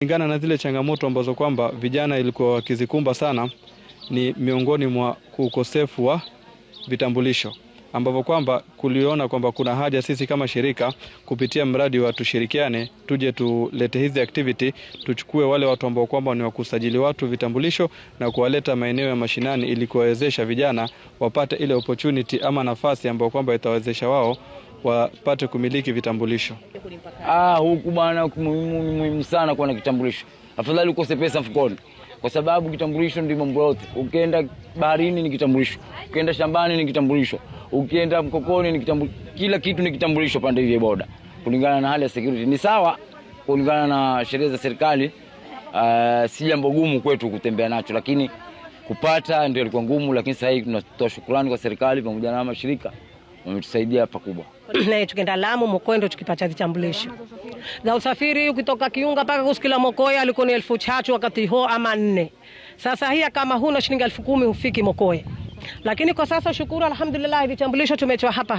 Kulingana na zile changamoto ambazo kwamba vijana ilikuwa wakizikumba sana ni miongoni mwa ukosefu wa vitambulisho ambavyo kwamba kuliona kwamba kuna haja sisi kama shirika kupitia mradi wa tushirikiane, tuje tulete hizi activity, tuchukue wale watu ambao kwamba ni wakusajili watu vitambulisho na kuwaleta maeneo ya mashinani ili kuwawezesha vijana wapate ile opportunity ama nafasi ambayo kwamba itawawezesha wao wapate kumiliki vitambulisho. Ah, huku bwana muhimu muhimu sana kuwa na kitambulisho, afadhali ukose pesa mfukoni, kwa sababu kitambulisho ndio mambo yote. Ukienda baharini ni kitambulisho, ukienda shambani ni kitambulisho, ukienda mkokoni ni kitambulisho, kila kitu ni kitambulisho pande hivi boda, kulingana na hali ya security. Ni sawa kulingana na sheria za serikali. Uh, si jambo gumu kwetu kutembea nacho, lakini kupata ndio ilikuwa ngumu, lakini sasa hivi tunatoa shukrani kwa serikali pamoja na mashirika wametusaidia pakubwa. Na tukienda Lamu Mokwendo tukipata vitambulisho za usafiri, ukitoka Kiunga mpaka kusikila Mokoe alikuwa ni elfu tatu wakati huo ama nne. Sasa hiya kama huna shilingi elfu kumi hufiki Mokoe, lakini kwa sasa shukuru, alhamdulillah, vitambulisho tumetoa hapa.